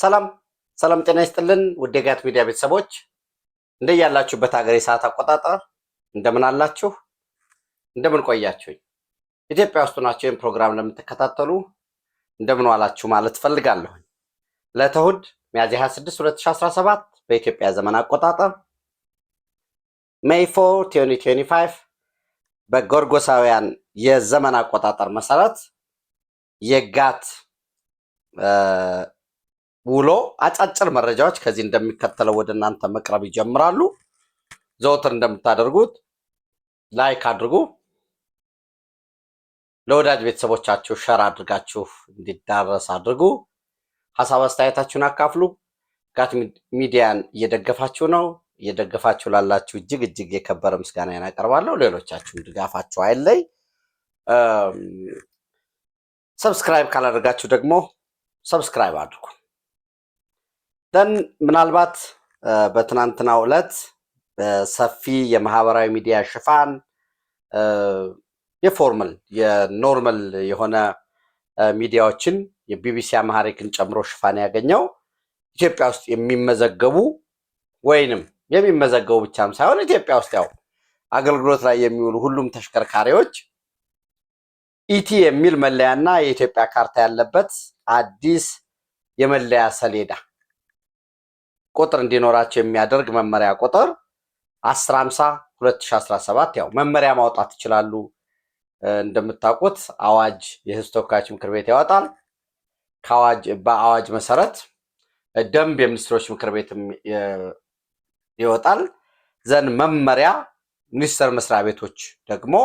ሰላም ሰላም፣ ጤና ይስጥልን ውድ የጋት ሚዲያ ቤተሰቦች እንደያላችሁበት ሀገር የሰዓት አቆጣጠር እንደምን አላችሁ? እንደምን ቆያችሁኝ? ኢትዮጵያ ውስጥ ናቸው ይህን ፕሮግራም ለምትከታተሉ እንደምን ዋላችሁ ማለት ፈልጋለሁ። ለተሁድ ሚያዝያ 26 2017 በኢትዮጵያ ዘመን አቆጣጠር ሜይ 4 2025 በጎርጎሳውያን የዘመን አቆጣጠር መሰረት የጋት ውሎ አጫጭር መረጃዎች ከዚህ እንደሚከተለው ወደ እናንተ መቅረብ ይጀምራሉ። ዘወትር እንደምታደርጉት ላይክ አድርጉ፣ ለወዳጅ ቤተሰቦቻችሁ ሸር አድርጋችሁ እንዲዳረስ አድርጉ፣ ሀሳብ አስተያየታችሁን አካፍሉ። ጋት ሚዲያን እየደገፋችሁ ነው። እየደገፋችሁ ላላችሁ እጅግ እጅግ የከበረ ምስጋና ያቀርባለሁ። ሌሎቻችሁም ድጋፋችሁ አይለይ። ሰብስክራይብ ካላደርጋችሁ ደግሞ ሰብስክራይብ አድርጉ። ደን ምናልባት በትናንትናው ዕለት በሰፊ የማህበራዊ ሚዲያ ሽፋን የፎርመል የኖርማል የሆነ ሚዲያዎችን የቢቢሲ አማሃሪክን ጨምሮ ሽፋን ያገኘው ኢትዮጵያ ውስጥ የሚመዘገቡ ወይንም የሚመዘገቡ ብቻም ሳይሆን ኢትዮጵያ ውስጥ ያው አገልግሎት ላይ የሚውሉ ሁሉም ተሽከርካሪዎች ኢቲ የሚል መለያና የኢትዮጵያ ካርታ ያለበት አዲስ የመለያ ሰሌዳ ቁጥር እንዲኖራቸው የሚያደርግ መመሪያ ቁጥር 150 2017 ያው መመሪያ ማውጣት ይችላሉ። እንደምታውቁት አዋጅ የህዝብ ተወካዮች ምክር ቤት ያወጣል። ከአዋጅ በአዋጅ መሰረት ደንብ የሚኒስትሮች ምክር ቤት ይወጣል። ዘን መመሪያ ሚኒስቴር መስሪያ ቤቶች ደግሞ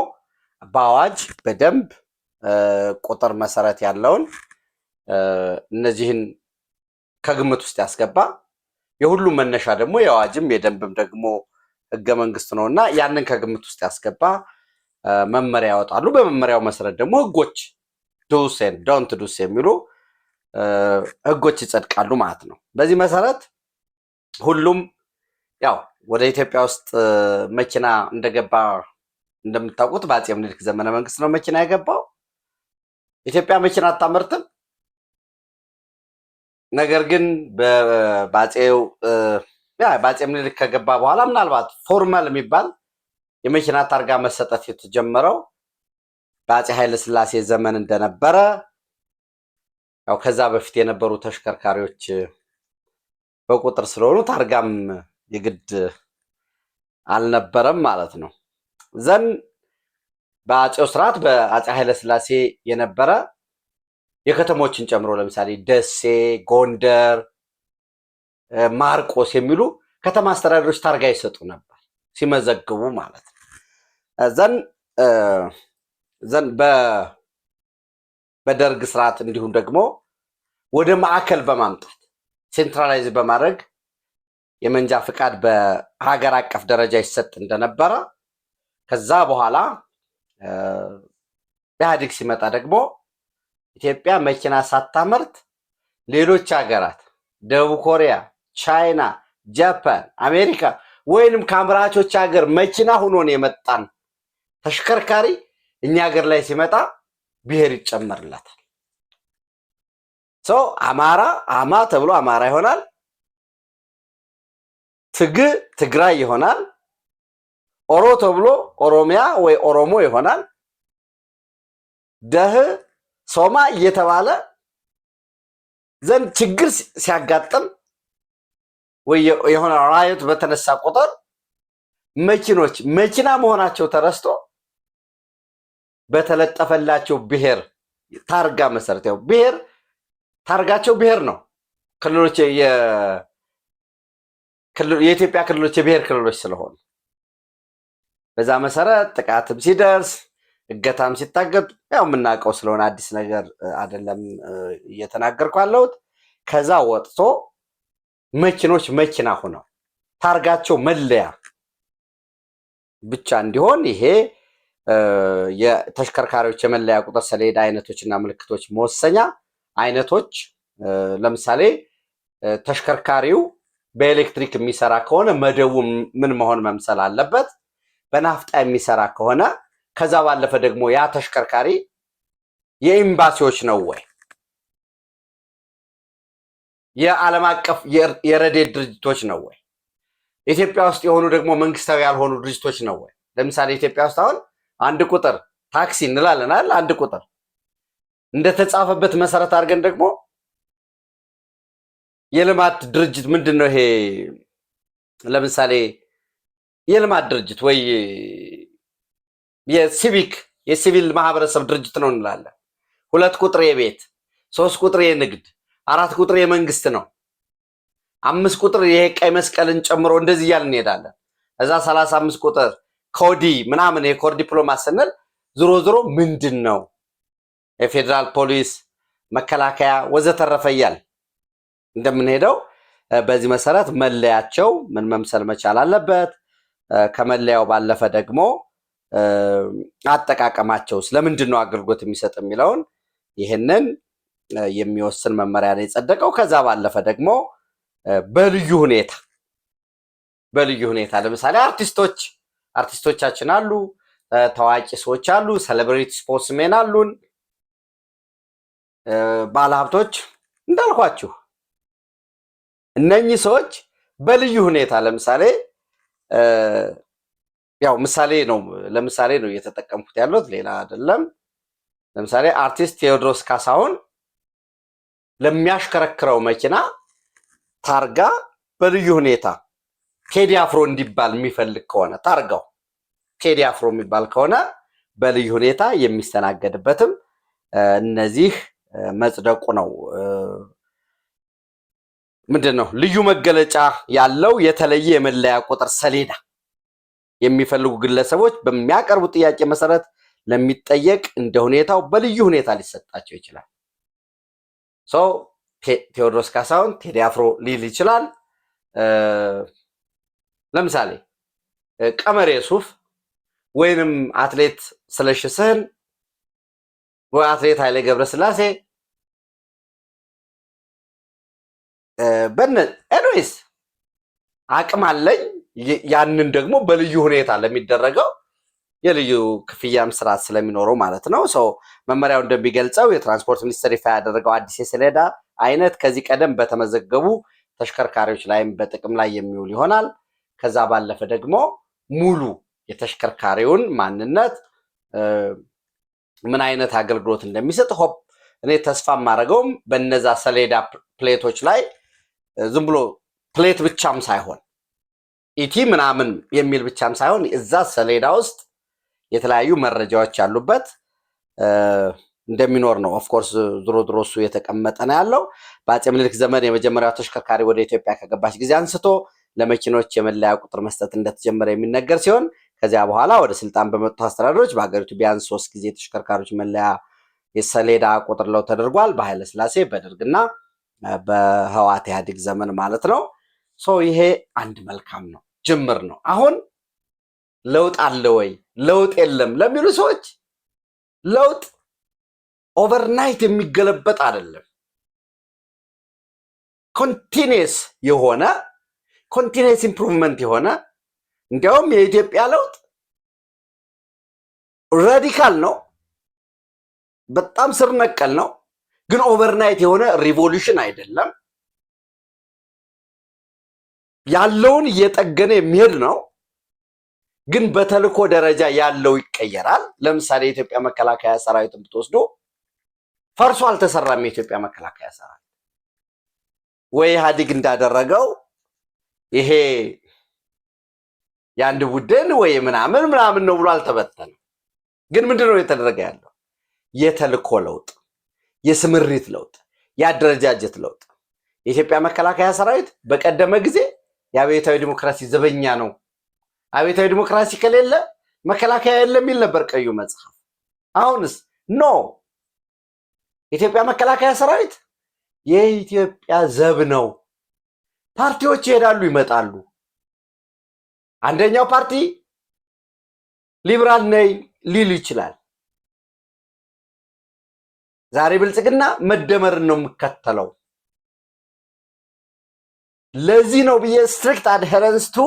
በአዋጅ በደንብ ቁጥር መሰረት ያለውን እነዚህን ከግምት ውስጥ ያስገባ የሁሉም መነሻ ደግሞ የአዋጅም የደንብም ደግሞ ህገ መንግስት ነው እና ያንን ከግምት ውስጥ ያስገባ መመሪያ ያወጣሉ። በመመሪያው መሰረት ደግሞ ህጎች ዱሴን ዶንት ዱስ የሚሉ ህጎች ይጸድቃሉ ማለት ነው። በዚህ መሰረት ሁሉም ያው ወደ ኢትዮጵያ ውስጥ መኪና እንደገባ እንደምታውቁት በአፄ ምኒልክ ዘመነ መንግስት ነው መኪና የገባው። ኢትዮጵያ መኪና አታመርትም። ነገር ግን በአፄ ምኒልክ ከገባ በኋላ ምናልባት ፎርማል የሚባል የመኪና ታርጋ መሰጠት የተጀመረው በአፄ ኃይለስላሴ ዘመን እንደነበረ ያው ከዛ በፊት የነበሩ ተሽከርካሪዎች በቁጥር ስለሆኑ ታርጋም የግድ አልነበረም ማለት ነው። ዘን በአፄው ስርዓት በአፄ ኃይለስላሴ የነበረ የከተሞችን ጨምሮ ለምሳሌ ደሴ፣ ጎንደር፣ ማርቆስ የሚሉ ከተማ አስተዳደሮች ታርጋ ይሰጡ ነበር ሲመዘግቡ ማለት ነው። ዘን ዘን በደርግ ስርዓት እንዲሁም ደግሞ ወደ ማዕከል በማምጣት ሴንትራላይዝ በማድረግ የመንጃ ፍቃድ በሀገር አቀፍ ደረጃ ይሰጥ እንደነበረ ከዛ በኋላ ኢህአዴግ ሲመጣ ደግሞ ኢትዮጵያ መኪና ሳታመርት ሌሎች ሀገራት ደቡብ ኮሪያ፣ ቻይና፣ ጃፓን፣ አሜሪካ ወይንም ከአምራቾች ሀገር መኪና ሆኖን የመጣን ተሽከርካሪ እኛ ሀገር ላይ ሲመጣ ብሔር ይጨመርላታል። ሰው አማራ አማ ተብሎ አማራ ይሆናል። ትግ ትግራይ ይሆናል። ኦሮ ተብሎ ኦሮሚያ ወይ ኦሮሞ ይሆናል። ደህ ሶማ እየተባለ ዘንድ ችግር ሲያጋጥም ወይ የሆነ ራዮት በተነሳ ቁጥር መኪኖች መኪና መሆናቸው ተረስቶ በተለጠፈላቸው ብሔር ታርጋ መሰረት ያው ብሔር ታርጋቸው ብሔር ነው። ክልሎች የኢትዮጵያ ክልሎች የብሔር ክልሎች ስለሆኑ በዛ መሰረት ጥቃትም ሲደርስ እገታም ሲታገዱ ያው የምናውቀው ስለሆነ አዲስ ነገር አይደለም እየተናገርኩ ያለሁት። ከዛ ወጥቶ መኪኖች መኪና ሆነው ታርጋቸው መለያ ብቻ እንዲሆን ይሄ የተሽከርካሪዎች የመለያ ቁጥር ሰሌዳ አይነቶች እና ምልክቶች መወሰኛ አይነቶች ለምሳሌ ተሽከርካሪው በኤሌክትሪክ የሚሰራ ከሆነ መደቡ ምን መሆን መምሰል አለበት። በናፍጣ የሚሰራ ከሆነ ከዛ ባለፈ ደግሞ ያ ተሽከርካሪ የኤምባሲዎች ነው ወይ? የዓለም አቀፍ የረድኤት ድርጅቶች ነው ወይ? ኢትዮጵያ ውስጥ የሆኑ ደግሞ መንግስታዊ ያልሆኑ ድርጅቶች ነው ወይ? ለምሳሌ ኢትዮጵያ ውስጥ አሁን አንድ ቁጥር ታክሲ እንላለን አይደል? አንድ ቁጥር እንደተጻፈበት መሰረት አድርገን ደግሞ የልማት ድርጅት ምንድን ነው ይሄ? ለምሳሌ የልማት ድርጅት ወይ የሲቪክ የሲቪል ማህበረሰብ ድርጅት ነው እንላለን። ሁለት ቁጥር የቤት፣ ሶስት ቁጥር የንግድ፣ አራት ቁጥር የመንግስት ነው። አምስት ቁጥር ይሄ ቀይ መስቀልን ጨምሮ እንደዚህ እያል እንሄዳለን። እዛ ሰላሳ አምስት ቁጥር ኮዲ ምናምን የኮር ዲፕሎማ ስንል ዝሮ ዝሮ ምንድን ነው የፌዴራል ፖሊስ፣ መከላከያ ወዘተረፈ እያል እንደምንሄደው በዚህ መሰረት መለያቸው ምን መምሰል መቻል አለበት። ከመለያው ባለፈ ደግሞ አጠቃቀማቸው ለምንድን ነው አገልግሎት የሚሰጥ የሚለውን ይህንን የሚወስን መመሪያ ነው የጸደቀው። ከዛ ባለፈ ደግሞ በልዩ ሁኔታ በልዩ ሁኔታ ለምሳሌ አርቲስቶች አርቲስቶቻችን አሉ፣ ታዋቂ ሰዎች አሉ፣ ሴሌብሪቲ ስፖርትስሜን አሉን፣ ባለሀብቶች እንዳልኳችሁ እነኚህ ሰዎች በልዩ ሁኔታ ለምሳሌ ያው ምሳሌ ነው፣ ለምሳሌ ነው እየተጠቀምኩት ያለሁት ሌላ አይደለም። ለምሳሌ አርቲስት ቴዎድሮስ ካሳሁን ለሚያሽከረክረው መኪና ታርጋ በልዩ ሁኔታ ቴዲ አፍሮ እንዲባል የሚፈልግ ከሆነ ታርጋው ቴዲ አፍሮ የሚባል ከሆነ በልዩ ሁኔታ የሚስተናገድበትም እነዚህ መጽደቁ ነው። ምንድን ነው ልዩ መገለጫ ያለው የተለየ የመለያ ቁጥር ሰሌዳ የሚፈልጉ ግለሰቦች በሚያቀርቡት ጥያቄ መሰረት ለሚጠየቅ እንደ ሁኔታው በልዩ ሁኔታ ሊሰጣቸው ይችላል። ቴዎድሮስ ካሳሁን ቴዲ አፍሮ ሊል ይችላል። ለምሳሌ ቀመር የሱፍ ወይንም አትሌት ስለሺ ስህን ወይ አትሌት ኃይሌ ገብረስላሴ በነ ኤኒዌይስ አቅም አለኝ ያንን ደግሞ በልዩ ሁኔታ ለሚደረገው የልዩ ክፍያም ስርዓት ስለሚኖረው ማለት ነው። ሰው መመሪያው እንደሚገልጸው የትራንስፖርት ሚኒስቴር ይፋ ያደረገው አዲስ የሰሌዳ አይነት ከዚህ ቀደም በተመዘገቡ ተሽከርካሪዎች ላይም በጥቅም ላይ የሚውል ይሆናል። ከዛ ባለፈ ደግሞ ሙሉ የተሽከርካሪውን ማንነት ምን አይነት አገልግሎት እንደሚሰጥ ሆፕ እኔ ተስፋ የማደርገውም በነዛ ሰሌዳ ፕሌቶች ላይ ዝም ብሎ ፕሌት ብቻም ሳይሆን ኢቲ ምናምን የሚል ብቻም ሳይሆን እዛ ሰሌዳ ውስጥ የተለያዩ መረጃዎች ያሉበት እንደሚኖር ነው። ኦፍኮርስ ድሮ ድሮ እሱ የተቀመጠ ነው ያለው። በአፄ ምኒልክ ዘመን የመጀመሪያው ተሽከርካሪ ወደ ኢትዮጵያ ከገባች ጊዜ አንስቶ ለመኪኖች የመለያ ቁጥር መስጠት እንደተጀመረ የሚነገር ሲሆን ከዚያ በኋላ ወደ ስልጣን በመጡት አስተዳደሮች በሀገሪቱ ቢያንስ ሶስት ጊዜ ተሽከርካሪዎች መለያ የሰሌዳ ቁጥር ለው ተደርጓል። በኃይለ ሥላሴ በደርግና በህዋት ኢህአዲግ ዘመን ማለት ነው። ይሄ አንድ መልካም ነው። ጅምር ነው። አሁን ለውጥ አለ ወይ ለውጥ የለም ለሚሉ ሰዎች ለውጥ ኦቨርናይት የሚገለበጥ አይደለም። ኮንቲኒየስ የሆነ ኮንቲኒየስ ኢምፕሩቭመንት የሆነ እንዲያውም የኢትዮጵያ ለውጥ ራዲካል ነው፣ በጣም ስር ነቀል ነው። ግን ኦቨርናይት የሆነ ሪቮሉሽን አይደለም። ያለውን እየጠገነ የሚሄድ ነው። ግን በተልኮ ደረጃ ያለው ይቀየራል። ለምሳሌ የኢትዮጵያ መከላከያ ሰራዊትን ብትወስዶ ፈርሶ አልተሰራም። የኢትዮጵያ መከላከያ ሰራዊት ወይ ኢህአዲግ እንዳደረገው ይሄ የአንድ ቡድን ወይ ምናምን ምናምን ነው ብሎ አልተበተነም። ግን ምንድን ነው እየተደረገ ያለው? የተልኮ ለውጥ፣ የስምሪት ለውጥ፣ የአደረጃጀት ለውጥ። የኢትዮጵያ መከላከያ ሰራዊት በቀደመ ጊዜ የአብዮታዊ ዲሞክራሲ ዘበኛ ነው። አብዮታዊ ዲሞክራሲ ከሌለ መከላከያ የለም የሚል ነበር ቀዩ መጽሐፍ። አሁንስ ኖ ኢትዮጵያ መከላከያ ሰራዊት የኢትዮጵያ ዘብ ነው። ፓርቲዎች ይሄዳሉ ይመጣሉ። አንደኛው ፓርቲ ሊብራል ነይ ሊል ይችላል። ዛሬ ብልጽግና መደመርን ነው የምከተለው። ለዚህ ነው ብዬ ስትሪክት አድሄረንስ ቱ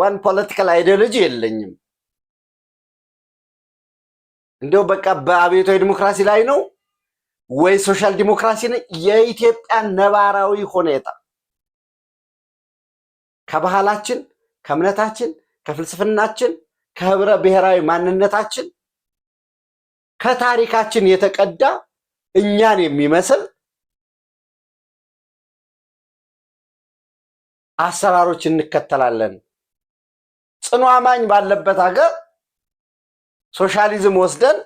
ዋን ፖለቲካል አይዲዮሎጂ የለኝም። እንዲሁ በቃ በአብዮታዊ ዲሞክራሲ ላይ ነው ወይ ሶሻል ዲሞክራሲ ነው? የኢትዮጵያ ነባራዊ ሁኔታ ከባህላችን፣ ከእምነታችን፣ ከፍልስፍናችን፣ ከህብረ ብሔራዊ ማንነታችን፣ ከታሪካችን የተቀዳ እኛን የሚመስል አሰራሮች እንከተላለን። ጽኑ አማኝ ባለበት ሀገር ሶሻሊዝም ወስደን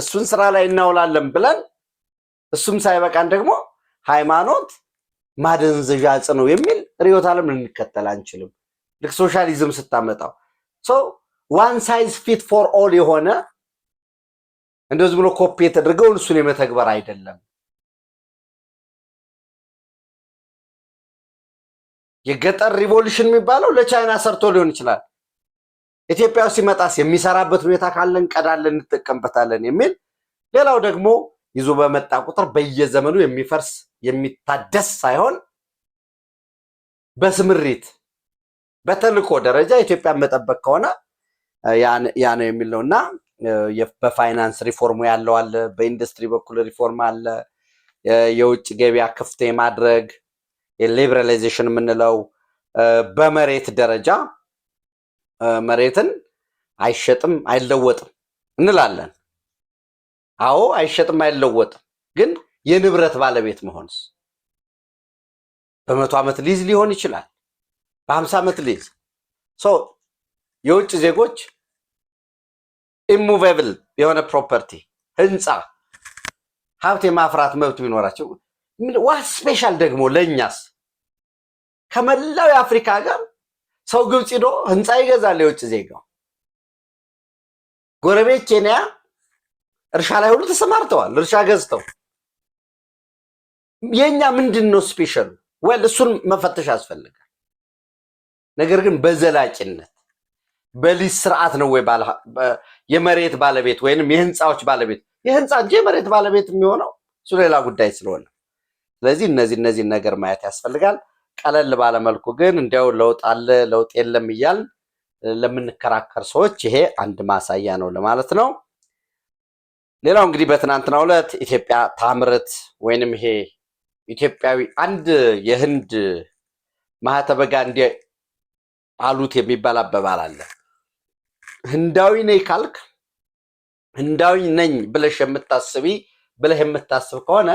እሱን ስራ ላይ እናውላለን ብለን እሱም ሳይበቃን ደግሞ ሃይማኖት ማደንዘዣ ዕፅ ነው የሚል ርዕዮተ ዓለም ልንከተል አንችልም። ልክ ሶሻሊዝም ስታመጣው ሰው ዋን ሳይዝ ፊት ፎር ኦል የሆነ እንደዚህ ብሎ ኮፒ የተደረገውን እሱን የመተግበር አይደለም። የገጠር ሪቮሉሽን የሚባለው ለቻይና ሰርቶ ሊሆን ይችላል። ኢትዮጵያ ውስጥ ሲመጣስ የሚሰራበት ሁኔታ ካለ እንቀዳለን፣ እንጠቀምበታለን የሚል ሌላው ደግሞ ይዞ በመጣ ቁጥር በየዘመኑ የሚፈርስ የሚታደስ ሳይሆን በስምሪት በተልእኮ ደረጃ ኢትዮጵያ መጠበቅ ከሆነ ያ ነው የሚል ነው እና በፋይናንስ ሪፎርሙ ያለው አለ፣ በኢንዱስትሪ በኩል ሪፎርም አለ፣ የውጭ ገበያ ክፍት የማድረግ ሊበራላይዜሽን የምንለው በመሬት ደረጃ መሬትን አይሸጥም አይለወጥም እንላለን። አዎ አይሸጥም አይለወጥም። ግን የንብረት ባለቤት መሆንስ በመቶ ዓመት ሊዝ ሊሆን ይችላል፣ በሀምሳ ዓመት ሊዝ ሰው የውጭ ዜጎች ኢሙቬብል የሆነ ፕሮፐርቲ ህንፃ ሀብት የማፍራት መብት ቢኖራቸው ዋ ስፔሻል ደግሞ ለእኛስ ከመላው የአፍሪካ ሀገር ሰው ግብፅ ሂዶ ህንፃ ይገዛል። የውጭ ዜጋው ጎረቤት ኬንያ እርሻ ላይ ሁሉ ተሰማርተዋል። እርሻ ገዝተው የእኛ ምንድን ነው ስፔሻሉ? ወል እሱን መፈተሽ ያስፈልጋል። ነገር ግን በዘላቂነት በሊዝ ስርዓት ነው ወይ የመሬት ባለቤት ወይንም የህንፃዎች ባለቤት የህንፃ እንጂ የመሬት ባለቤት የሚሆነው እሱ ሌላ ጉዳይ ስለሆነ ስለዚህ እነዚህ እነዚህን ነገር ማየት ያስፈልጋል። ቀለል ባለመልኩ ግን እንዲያው ለውጥ አለ ለውጥ የለም እያል ለምንከራከር ሰዎች ይሄ አንድ ማሳያ ነው ለማለት ነው። ሌላው እንግዲህ በትናንትናው ዕለት ኢትዮጵያ ታምርት ወይንም ይሄ ኢትዮጵያዊ አንድ የህንድ ማህተበጋ ጋንዲ አሉት የሚባል አባባል አለ። ህንዳዊ ነኝ ካልክ ህንዳዊ ነኝ ብለሽ የምታስቢ ብለህ የምታስብ ከሆነ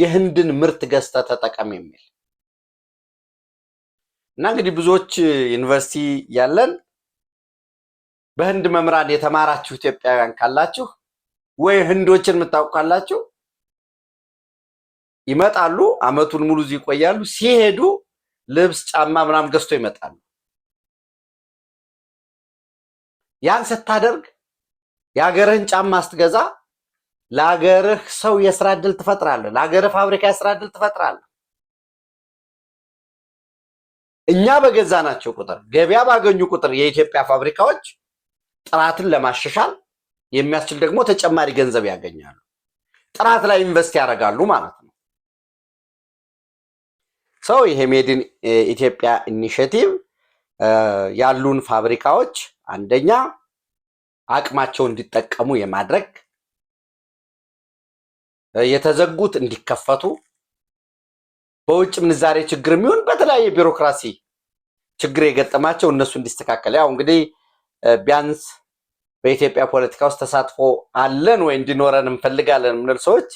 የህንድን ምርት ገዝተህ ተጠቀም የሚል እና እንግዲህ ብዙዎች ዩኒቨርሲቲ ያለን በህንድ መምህራን የተማራችሁ ኢትዮጵያውያን ካላችሁ ወይ ህንዶችን የምታውቁ ካላችሁ ይመጣሉ። አመቱን ሙሉ እዚህ ይቆያሉ። ሲሄዱ ልብስ፣ ጫማ ምናምን ገዝቶ ይመጣሉ። ያን ስታደርግ የሀገርህን ጫማ ስትገዛ ለሀገርህ ሰው የስራ እድል ትፈጥራለህ። ለሀገርህ ፋብሪካ የስራ እድል ትፈጥራለህ። እኛ በገዛ ናቸው ቁጥር ገበያ ባገኙ ቁጥር የኢትዮጵያ ፋብሪካዎች ጥራትን ለማሻሻል የሚያስችል ደግሞ ተጨማሪ ገንዘብ ያገኛሉ። ጥራት ላይ ኢንቨስት ያደርጋሉ ማለት ነው። ሰው ይሄ ሜድን ኢትዮጵያ ኢኒሽቲቭ ያሉን ፋብሪካዎች አንደኛ አቅማቸው እንዲጠቀሙ የማድረግ eh, የተዘጉት እንዲከፈቱ በውጭ ምንዛሬ ችግር የሚሆን በተለያየ ቢሮክራሲ ችግር የገጠማቸው እነሱ እንዲስተካከል ያው እንግዲህ ቢያንስ በኢትዮጵያ ፖለቲካ ውስጥ ተሳትፎ አለን ወይ እንዲኖረን እንፈልጋለን የምንል ሰዎች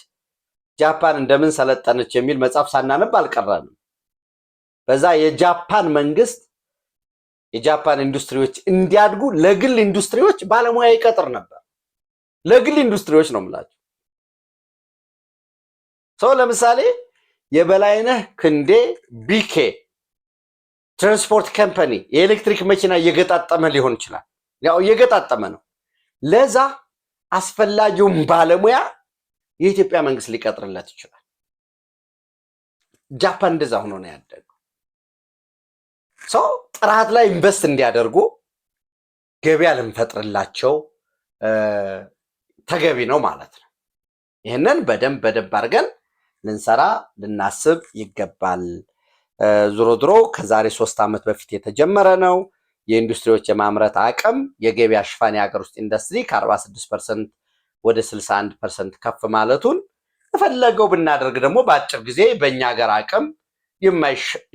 ጃፓን እንደምን ሰለጠነች የሚል መጽሐፍ ሳናነብ አልቀረንም። በዛ የጃፓን መንግስት የጃፓን ኢንዱስትሪዎች እንዲያድጉ ለግል ኢንዱስትሪዎች ባለሙያ ይቀጥር ነበር። ለግል ኢንዱስትሪዎች ነው የምላቸው ሰው ለምሳሌ የበላይነህ ክንዴ ቢኬ ትራንስፖርት ከምፐኒ የኤሌክትሪክ መኪና እየገጣጠመ ሊሆን ይችላል። ያው እየገጣጠመ ነው። ለዛ አስፈላጊውን ባለሙያ የኢትዮጵያ መንግስት ሊቀጥርለት ይችላል። ጃፓን እንደዛ ሆኖ ነው ያደገው። ሰው ጥራት ላይ ኢንቨስት እንዲያደርጉ ገበያ ልንፈጥርላቸው ተገቢ ነው ማለት ነው። ይህንን በደንብ በደንብ አድርገን ልንሰራ ልናስብ ይገባል። ዝሮ ዞሮ ከዛሬ ሶስት ዓመት በፊት የተጀመረ ነው። የኢንዱስትሪዎች የማምረት አቅም የገበያ ሽፋን የሀገር ውስጥ ኢንዱስትሪ ከ46 ፐርሰንት ወደ 61 ፐርሰንት ከፍ ማለቱን የፈለገው ብናደርግ ደግሞ በአጭር ጊዜ በእኛ ሀገር አቅም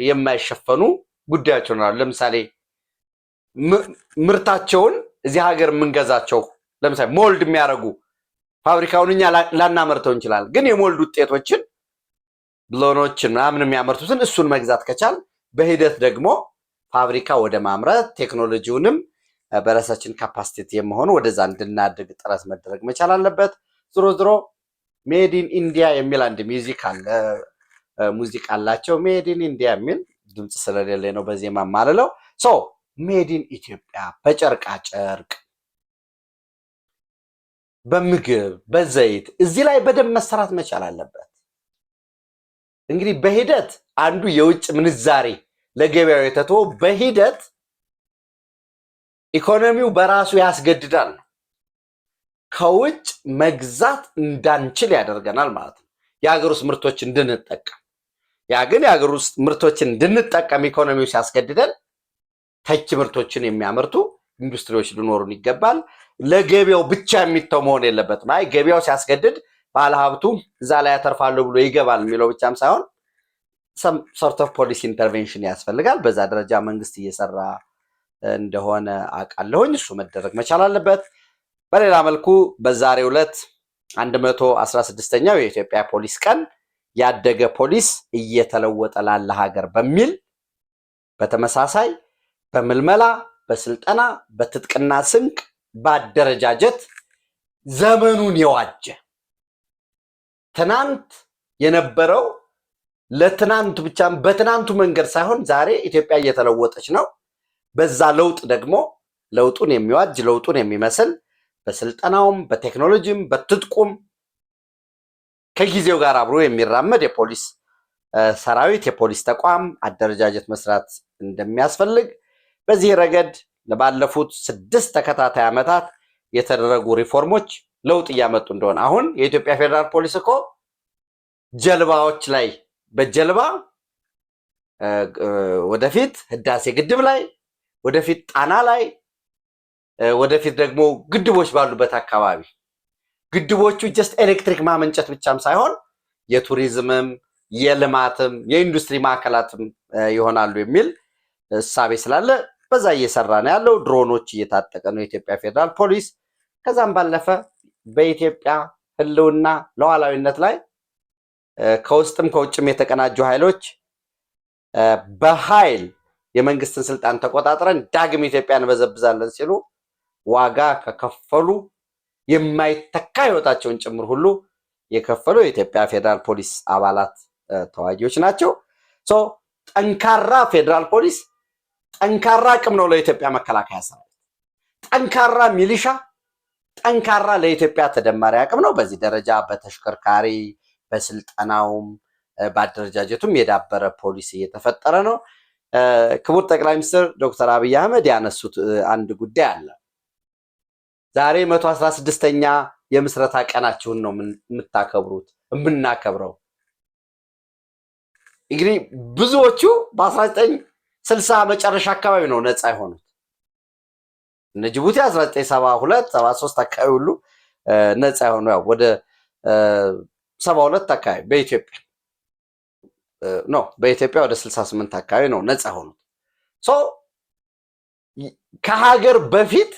የማይሸፈኑ ጉዳዮች ይሆናሉ። ለምሳሌ ምርታቸውን እዚህ ሀገር የምንገዛቸው ለምሳሌ ሞልድ የሚያደርጉ ፋብሪካውን እኛ ላናመርተው እንችላለን፣ ግን የሞልድ ውጤቶችን ብሎኖችን ምናምን የሚያመርቱትን እሱን መግዛት ከቻል በሂደት ደግሞ ፋብሪካ ወደ ማምረት ቴክኖሎጂውንም በራሳችን ካፓሲቲ የመሆኑ ወደዛ እንድናድግ ጥረት መደረግ መቻል አለበት። ዝሮ ዝሮ ሜድ ኢን ኢንዲያ የሚል አንድ ሚዚክ አለ፣ ሙዚቃ አላቸው። ሜድ ኢን ኢንዲያ የሚል ድምፅ ስለሌለ ነው በዜማ ማለለው። ሶ ሜድ ኢን ኢትዮጵያ በጨርቃ ጨርቅ፣ በምግብ፣ በዘይት እዚህ ላይ በደንብ መሰራት መቻል አለበት። እንግዲህ በሂደት አንዱ የውጭ ምንዛሬ ለገበያው የተቶ በሂደት ኢኮኖሚው በራሱ ያስገድዳል። ከውጭ መግዛት እንዳንችል ያደርገናል ማለት ነው። የሀገር ውስጥ ምርቶች እንድንጠቀም ያ ግን የሀገር ውስጥ ምርቶችን እንድንጠቀም ኢኮኖሚው ሲያስገድደን ተኪ ምርቶችን የሚያመርቱ ኢንዱስትሪዎች ሊኖሩን ይገባል። ለገበያው ብቻ የሚተው መሆን የለበትም። አይ ገበያው ሲያስገድድ ባለሀብቱ እዛ ላይ ያተርፋለሁ ብሎ ይገባል የሚለው ብቻም ሳይሆን ሶርት ኦፍ ፖሊሲ ኢንተርቬንሽን ያስፈልጋል። በዛ ደረጃ መንግስት እየሰራ እንደሆነ አውቃለሁኝ። እሱ መደረግ መቻል አለበት። በሌላ መልኩ በዛሬው ዕለት 116ኛው የኢትዮጵያ ፖሊስ ቀን ያደገ ፖሊስ እየተለወጠ ላለ ሀገር በሚል በተመሳሳይ በምልመላ በስልጠና በትጥቅና ስንቅ በአደረጃጀት ዘመኑን የዋጀ ትናንት የነበረው ለትናንቱ ብቻ በትናንቱ መንገድ ሳይሆን ዛሬ ኢትዮጵያ እየተለወጠች ነው። በዛ ለውጥ ደግሞ ለውጡን የሚዋጅ ለውጡን የሚመስል በስልጠናውም በቴክኖሎጂም በትጥቁም ከጊዜው ጋር አብሮ የሚራመድ የፖሊስ ሰራዊት የፖሊስ ተቋም አደረጃጀት መስራት እንደሚያስፈልግ በዚህ ረገድ ለባለፉት ስድስት ተከታታይ ዓመታት የተደረጉ ሪፎርሞች ለውጥ እያመጡ እንደሆነ አሁን የኢትዮጵያ ፌዴራል ፖሊስ እኮ ጀልባዎች ላይ በጀልባ ወደፊት ህዳሴ ግድብ ላይ ወደፊት ጣና ላይ ወደፊት ደግሞ ግድቦች ባሉበት አካባቢ ግድቦቹ ጀስት ኤሌክትሪክ ማመንጨት ብቻም ሳይሆን የቱሪዝምም የልማትም የኢንዱስትሪ ማዕከላትም ይሆናሉ የሚል እሳቤ ስላለ በዛ እየሰራ ነው ያለው። ድሮኖች እየታጠቀ ነው የኢትዮጵያ ፌዴራል ፖሊስ። ከዛም ባለፈ በኢትዮጵያ ህልውና ሉዓላዊነት ላይ ከውስጥም ከውጭም የተቀናጁ ኃይሎች በኃይል የመንግስትን ስልጣን ተቆጣጥረን ዳግም ኢትዮጵያ እንበዘብዛለን ሲሉ ዋጋ ከከፈሉ የማይተካ ህይወታቸውን ጭምር ሁሉ የከፈሉ የኢትዮጵያ ፌዴራል ፖሊስ አባላት ተዋጊዎች ናቸው። ጠንካራ ፌዴራል ፖሊስ ጠንካራ አቅም ነው ለኢትዮጵያ መከላከያ ሰራዊት፣ ጠንካራ ሚሊሻ ጠንካራ ለኢትዮጵያ ተደማሪ አቅም ነው። በዚህ ደረጃ በተሽከርካሪ በስልጠናውም በአደረጃጀቱም የዳበረ ፖሊሲ እየተፈጠረ ነው። ክቡር ጠቅላይ ሚኒስትር ዶክተር አብይ አህመድ ያነሱት አንድ ጉዳይ አለ። ዛሬ መቶ አስራ ስድስተኛ የምስረታ ቀናችሁን ነው የምታከብሩት የምናከብረው። እንግዲህ ብዙዎቹ በአስራ ዘጠኝ ስልሳ መጨረሻ አካባቢ ነው ነፃ የሆኑት እነ ጅቡቲ 1972 73 አካባቢ ሁሉ ነፃ የሆኑ ያው ወደ 72 አካባቢ በኢትዮጵያ ኖ በኢትዮጵያ ወደ 68 አካባቢ ነው ነፃ የሆኑት። ሶ ከሀገር በፊት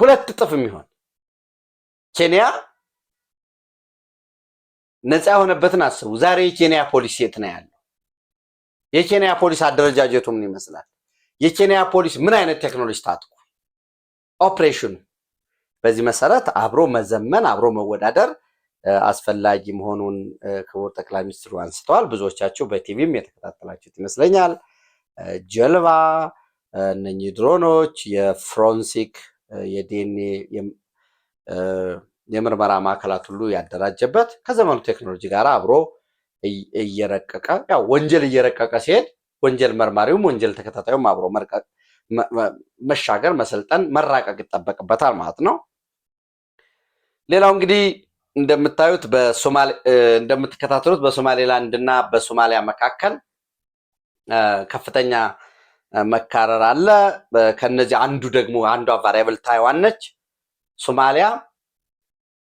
ሁለት እጥፍ የሚሆን ኬንያ ነፃ የሆነበትን አስቡ። ዛሬ የኬንያ ፖሊስ የት ነው ያለው? የኬንያ ፖሊስ አደረጃጀቱ ምን ይመስላል? የኬንያ ፖሊስ ምን አይነት ቴክኖሎጂ ታጥቁ ኦፕሬሽኑ። በዚህ መሰረት አብሮ መዘመን አብሮ መወዳደር አስፈላጊ መሆኑን ክቡር ጠቅላይ ሚኒስትሩ አንስተዋል። ብዙዎቻችሁ በቲቪም የተከታተላችሁት ይመስለኛል። ጀልባ፣ እነኚህ ድሮኖች፣ የፍሮንሲክ የዲኤንኤ የምርመራ ማዕከላት ሁሉ ያደራጀበት ከዘመኑ ቴክኖሎጂ ጋር አብሮ እየረቀቀ ያው ወንጀል እየረቀቀ ሲሄድ ወንጀል መርማሪውም ወንጀል ተከታታዩም አብሮ መሻገር፣ መሰልጠን፣ መራቀቅ ይጠበቅበታል ማለት ነው። ሌላው እንግዲህ እንደምታዩት እንደምትከታተሉት በሶማሌላንድ እና በሶማሊያ መካከል ከፍተኛ መካረር አለ። ከነዚህ አንዱ ደግሞ አንዷ ቫሪያብል ታይዋን ነች። ሶማሊያ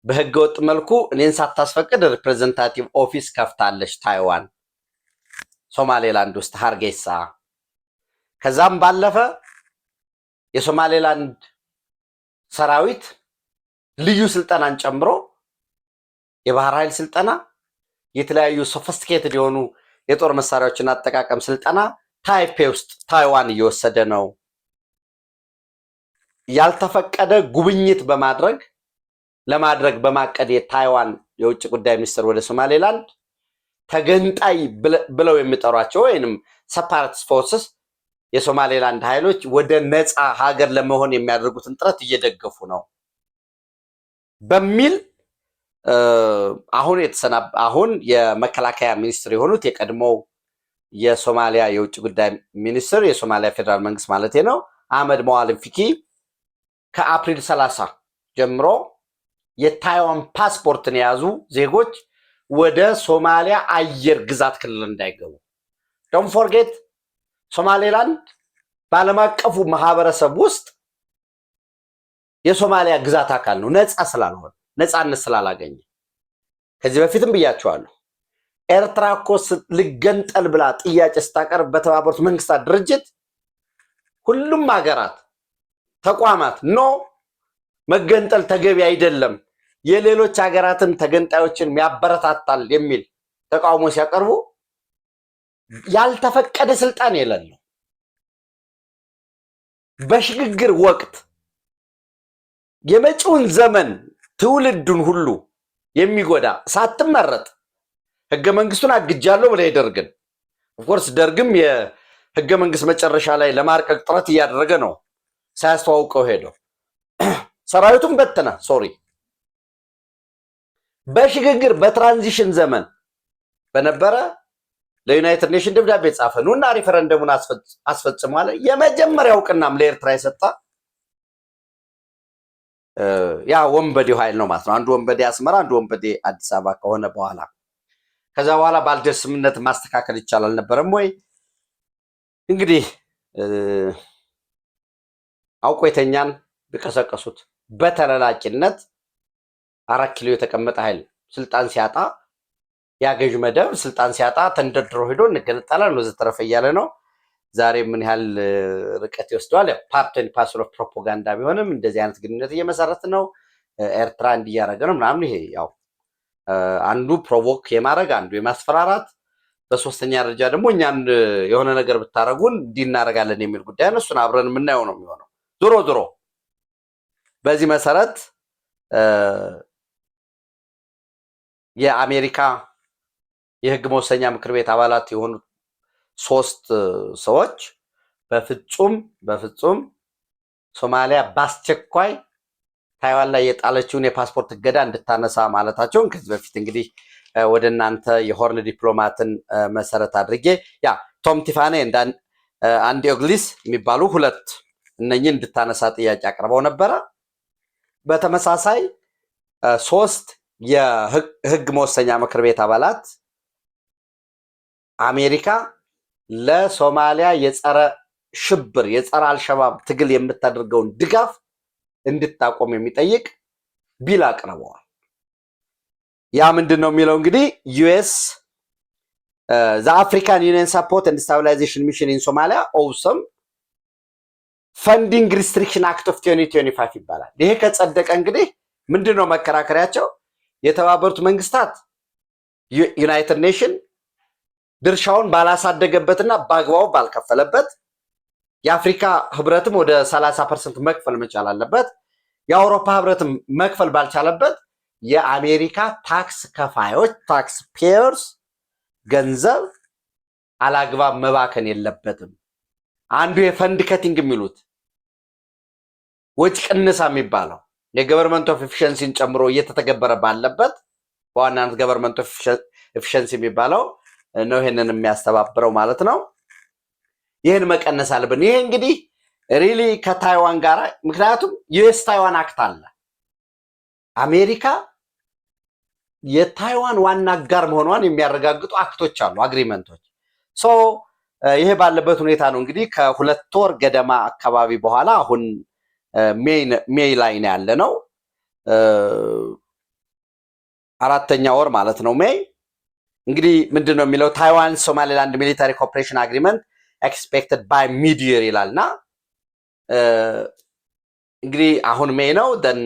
በህገወጥ መልኩ እኔን ሳታስፈቅድ ሪፕሬዘንታቲቭ ኦፊስ ከፍታለች ታይዋን ሶማሌላንድ ውስጥ ሀርጌሳ፣ ከዛም ባለፈ የሶማሌላንድ ሰራዊት ልዩ ስልጠናን ጨምሮ የባህር ኃይል ስልጠና፣ የተለያዩ ሶፊስቲኬትድ የሆኑ የጦር መሳሪያዎችን አጠቃቀም ስልጠና ታይፔ ውስጥ ታይዋን እየወሰደ ነው። ያልተፈቀደ ጉብኝት በማድረግ ለማድረግ በማቀድ የታይዋን የውጭ ጉዳይ ሚኒስትር ወደ ሶማሌላንድ ተገንጣይ ብለው የሚጠሯቸው ወይም ሰፓራቲስት ፎርስስ የሶማሌላንድ ኃይሎች ወደ ነፃ ሀገር ለመሆን የሚያደርጉትን ጥረት እየደገፉ ነው በሚል አሁን የተሰና አሁን የመከላከያ ሚኒስትር የሆኑት የቀድሞው የሶማሊያ የውጭ ጉዳይ ሚኒስትር የሶማሊያ ፌዴራል መንግስት ማለት ነው አህመድ መዋልን ፊኪ ከአፕሪል 30 ጀምሮ የታይዋን ፓስፖርትን የያዙ ዜጎች ወደ ሶማሊያ አየር ግዛት ክልል እንዳይገቡ። ዶን ፎርጌት ሶማሌላንድ በዓለም አቀፉ ማህበረሰብ ውስጥ የሶማሊያ ግዛት አካል ነው፣ ነፃ ስላልሆነ ነፃነት ስላላገኘ። ከዚህ በፊትም ብያቸዋለሁ። ኤርትራ እኮ ልገንጠል ብላ ጥያቄ ስታቀርብ በተባበሩት መንግስታት ድርጅት ሁሉም ሀገራት ተቋማት ኖ መገንጠል ተገቢ አይደለም የሌሎች ሀገራትን ተገንጣዮችን ያበረታታል የሚል ተቃውሞ ሲያቀርቡ ያልተፈቀደ ስልጣን የለን በሽግግር ወቅት የመጪውን ዘመን ትውልዱን ሁሉ የሚጎዳ ሳትመረጥ ህገ መንግስቱን አግጃለሁ ብለህ የደርግን ኦፍኮርስ ደርግም የህገ መንግስት መጨረሻ ላይ ለማርቀቅ ጥረት እያደረገ ነው። ሳያስተዋውቀው ሄደው ሰራዊቱም በተነ ሶሪ በሽግግር በትራንዚሽን ዘመን በነበረ ለዩናይትድ ኔሽን ደብዳቤ ጻፈ። ኑና ሪፈረንደሙን አስፈጽሙ አለ። የመጀመሪያ እውቅናም ለኤርትራ የሰጣ ያ ወንበዴው ኃይል ነው ማለት ነው። አንዱ ወንበዴ አስመራ፣ አንዱ ወንበዴ አዲስ አበባ ከሆነ በኋላ ከዛ በኋላ ባልደስምነት ስምምነት ማስተካከል ይቻል አልነበረም ወይ? እንግዲህ አውቆ የተኛን ቢቀሰቀሱት በተለላቂነት አራት ኪሎ የተቀመጠ ኃይል ስልጣን ሲያጣ ያገዥ መደብ ስልጣን ሲያጣ ተንደርድሮ ሄዶ እንገነጠላል ወዘተረፈ እያለ ነው። ዛሬ ምን ያህል ርቀት ይወስደዋል? ፓርትን ፓስል ኦፍ ፕሮፓጋንዳ ቢሆንም እንደዚህ አይነት ግንኙነት እየመሰረት ነው። ኤርትራ እንዲያረገ ነው ምናምን። ይሄ ያው አንዱ ፕሮቮክ የማድረግ አንዱ የማስፈራራት፣ በሶስተኛ ደረጃ ደግሞ እኛን የሆነ ነገር ብታደረጉን እንዲህ እናደርጋለን የሚል ጉዳይ ነው። እሱን አብረን የምናየው ነው የሚሆነው። ዞሮ ዞሮ በዚህ መሰረት የአሜሪካ የህግ መወሰኛ ምክር ቤት አባላት የሆኑት ሶስት ሰዎች በፍጹም በፍጹም ሶማሊያ በአስቸኳይ ታይዋን ላይ የጣለችውን የፓስፖርት እገዳ እንድታነሳ ማለታቸውን ከዚህ በፊት እንግዲህ ወደ እናንተ የሆርን ዲፕሎማትን መሰረት አድርጌ ያ ቶም ቲፋኔ እንደ አንዲ ኦግሊስ የሚባሉ ሁለት እነኚህ እንድታነሳ ጥያቄ አቅርበው ነበረ። በተመሳሳይ ሶስት የህግ መወሰኛ ምክር ቤት አባላት አሜሪካ ለሶማሊያ የጸረ ሽብር የጸረ አልሸባብ ትግል የምታደርገውን ድጋፍ እንድታቆም የሚጠይቅ ቢል አቅርበዋል። ያ ምንድን ነው የሚለው እንግዲህ ዩኤስ ዘ አፍሪካን ዩኒየን ሰፖርት ኤንድ ስታቢላይዜሽን ሚሽን ኢን ሶማሊያ ኦውሰም ፈንዲንግ ሪስትሪክሽን አክት ኦፍ ቴኒ 2025 ይባላል። ይሄ ከጸደቀ እንግዲህ ምንድን ነው መከራከሪያቸው? የተባበሩት መንግስታት ዩናይትድ ኔሽን ድርሻውን ባላሳደገበትና በአግባቡ ባልከፈለበት የአፍሪካ ህብረትም ወደ 30 ፐርሰንት መክፈል መቻል አለበት። የአውሮፓ ህብረትም መክፈል ባልቻለበት የአሜሪካ ታክስ ከፋዮች ታክስ ፔየርስ ገንዘብ አላግባብ መባከን የለበትም። አንዱ የፈንድ ከቲንግ የሚሉት ወጭ ቅነሳ የሚባለው የገቨርንመንት ኦፍ ኤፊሽንሲን ጨምሮ እየተተገበረ ባለበት በዋናነት ገቨርንመንት ኦፍ ኤፊሽንሲ የሚባለው ነው ይህንን የሚያስተባብረው ማለት ነው። ይህን መቀነስ አለብን። ይሄ እንግዲህ ሪሊ ከታይዋን ጋር ምክንያቱም ዩኤስ ታይዋን አክት አለ። አሜሪካ የታይዋን ዋና አጋር መሆኗን የሚያረጋግጡ አክቶች አሉ፣ አግሪመንቶች። ይሄ ባለበት ሁኔታ ነው እንግዲህ ከሁለት ወር ገደማ አካባቢ በኋላ አሁን ሜይ ላይ ነው ያለ ነው። አራተኛ ወር ማለት ነው ሜይ። እንግዲህ ምንድን ነው የሚለው ታይዋን ሶማሌላንድ ሚሊታሪ ኮፕሬሽን አግሪመንት ኤክስፔክትድ ባይ ሚድየር ይላል እና እንግዲህ አሁን ሜይ ነው ደን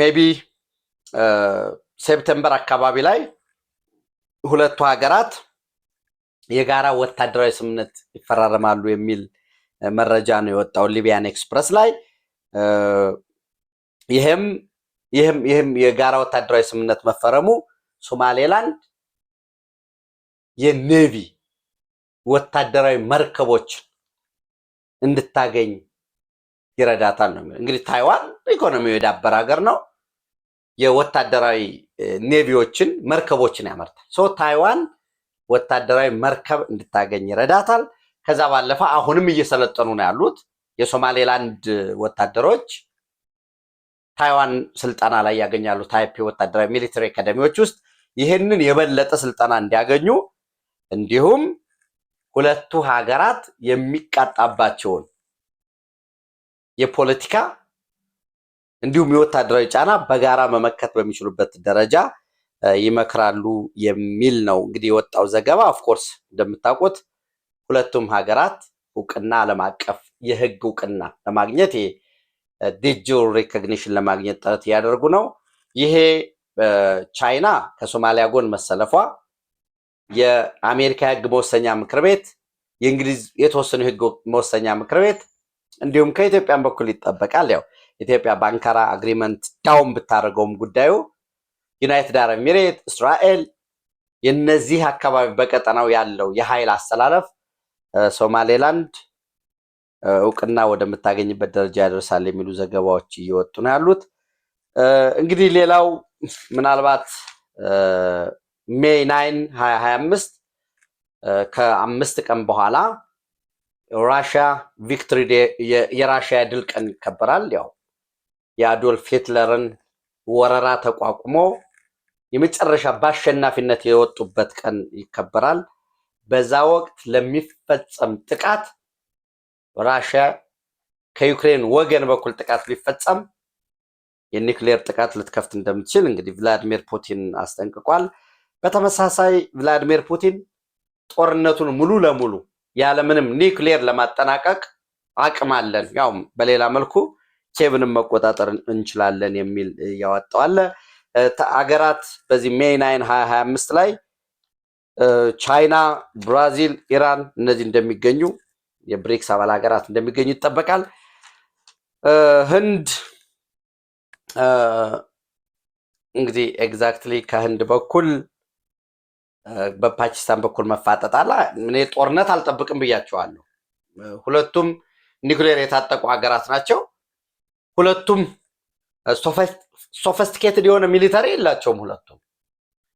ሜቢ ሴፕተምበር አካባቢ ላይ ሁለቱ ሀገራት የጋራ ወታደራዊ ስምምነት ይፈራረማሉ የሚል መረጃ ነው የወጣው ሊቢያን ኤክስፕረስ ላይ። ይህም ይህም ይህም የጋራ ወታደራዊ ስምምነት መፈረሙ ሶማሌላንድ የኔቪ ወታደራዊ መርከቦች እንድታገኝ ይረዳታል ነው እንግዲህ ታይዋን ኢኮኖሚው የዳበረ ሀገር ነው። የወታደራዊ ኔቪዎችን መርከቦችን ያመርታል። ሶ ታይዋን ወታደራዊ መርከብ እንድታገኝ ይረዳታል። ከዛ ባለፈ አሁንም እየሰለጠኑ ነው ያሉት የሶማሌላንድ ወታደሮች ታይዋን ስልጠና ላይ ያገኛሉ። ታይፒ ወታደራዊ ሚሊተሪ አካደሚዎች ውስጥ ይህንን የበለጠ ስልጠና እንዲያገኙ እንዲሁም ሁለቱ ሀገራት የሚቃጣባቸውን የፖለቲካ እንዲሁም የወታደራዊ ጫና በጋራ መመከት በሚችሉበት ደረጃ ይመክራሉ የሚል ነው እንግዲህ የወጣው ዘገባ። ኦፍኮርስ እንደምታውቁት ሁለቱም ሀገራት እውቅና ዓለም አቀፍ የህግ እውቅና ለማግኘት ዲጁር ሪኮግኒሽን ለማግኘት ጥረት እያደረጉ ነው። ይሄ ቻይና ከሶማሊያ ጎን መሰለፏ የአሜሪካ የህግ መወሰኛ ምክር ቤት፣ የእንግሊዝ የተወሰኑ የህግ መወሰኛ ምክር ቤት እንዲሁም ከኢትዮጵያን በኩል ይጠበቃል። ያው ኢትዮጵያ በአንካራ አግሪመንት ዳውን ብታደርገውም ጉዳዩ ዩናይትድ አረብ ኤሚሬት፣ እስራኤል የነዚህ አካባቢ በቀጠናው ያለው የኃይል አሰላለፍ ሶማሌላንድ እውቅና ወደምታገኝበት ደረጃ ያደርሳል የሚሉ ዘገባዎች እየወጡ ነው ያሉት። እንግዲህ ሌላው ምናልባት ሜይ ናይን ሀያ ሀያ አምስት ከአምስት ቀን በኋላ ራሽያ ቪክትሪ የራሽያ ድል ቀን ይከበራል። ያው የአዶልፍ ሂትለርን ወረራ ተቋቁሞ የመጨረሻ በአሸናፊነት የወጡበት ቀን ይከበራል። በዛ ወቅት ለሚፈጸም ጥቃት ራሽያ ከዩክሬን ወገን በኩል ጥቃት ሊፈጸም የኒክሌር ጥቃት ልትከፍት እንደምትችል እንግዲህ ቭላዲሚር ፑቲን አስጠንቅቋል። በተመሳሳይ ቭላዲሚር ፑቲን ጦርነቱን ሙሉ ለሙሉ ያለምንም ኒክሌር ለማጠናቀቅ አቅም አለን፣ ያው በሌላ መልኩ ኬቭንም መቆጣጠር እንችላለን የሚል ያወጣዋል። አገራት በዚህ ሜይ ናይን 2025 ላይ ቻይና፣ ብራዚል፣ ኢራን እነዚህ እንደሚገኙ የብሪክስ አባል ሀገራት እንደሚገኙ ይጠበቃል። ህንድ እንግዲህ ኤግዛክትሊ ከህንድ በኩል በፓኪስታን በኩል መፋጠጥ አለ። እኔ ጦርነት አልጠብቅም ብያቸዋለሁ። ሁለቱም ኒውክሌር የታጠቁ ሀገራት ናቸው። ሁለቱም ሶፈስቲኬትድ የሆነ ሚሊተሪ የላቸውም። ሁለቱም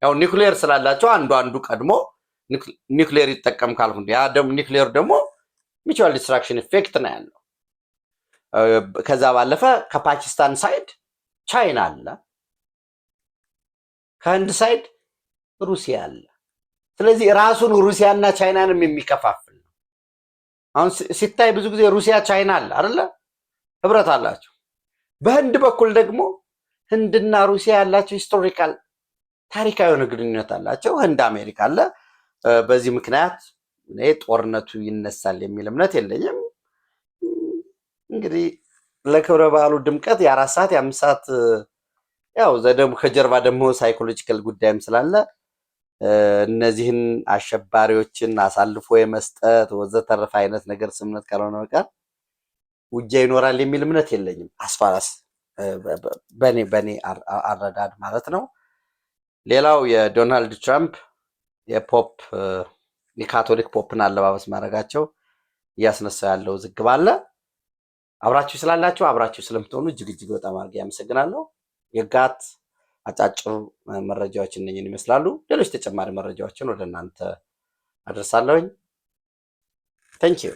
ያው ኒክሌር ስላላቸው አንዱ አንዱ ቀድሞ ኒክሌር ይጠቀም ካልሁ ያ ደግሞ ሚቹዋል ዲስትራክሽን ኢፌክት ነው ያለው። ከዛ ባለፈ ከፓኪስታን ሳይድ ቻይና አለ፣ ከህንድ ሳይድ ሩሲያ አለ። ስለዚህ ራሱን ሩሲያና ቻይናንም የሚከፋፍል ነው። አሁን ሲታይ ብዙ ጊዜ ሩሲያ ቻይና አለ አይደለ? ህብረት አላቸው። በህንድ በኩል ደግሞ ህንድና ሩሲያ ያላቸው ሂስቶሪካል ታሪካዊ የሆነ ግንኙነት አላቸው። ህንድ አሜሪካ አለ። በዚህ ምክንያት እኔ ጦርነቱ ይነሳል የሚል እምነት የለኝም። እንግዲህ ለክብረ በዓሉ ድምቀት የአራት ሰዓት የአምስት ሰዓት ያው ዘደሙ ከጀርባ ደግሞ ሳይኮሎጂካል ጉዳይም ስላለ እነዚህን አሸባሪዎችን አሳልፎ የመስጠት ወዘተረፈ አይነት ነገር ስምነት ካልሆነ በቀር ውጊያ ይኖራል የሚል እምነት የለኝም። አስፋራስ በእኔ በእኔ አረዳድ ማለት ነው። ሌላው የዶናልድ ትራምፕ የፖፕ የካቶሊክ ፖፕን አለባበስ ማድረጋቸው እያስነሳ ያለው ዝግብ አለ። አብራችሁ ስላላችሁ አብራችሁ ስለምትሆኑ እጅግ እጅግ በጣም አድርጌ ያመሰግናለሁ። የጋት አጫጭር መረጃዎች እነኝን ይመስላሉ። ሌሎች ተጨማሪ መረጃዎችን ወደ እናንተ አደርሳለሁኝ። ተንኪዩ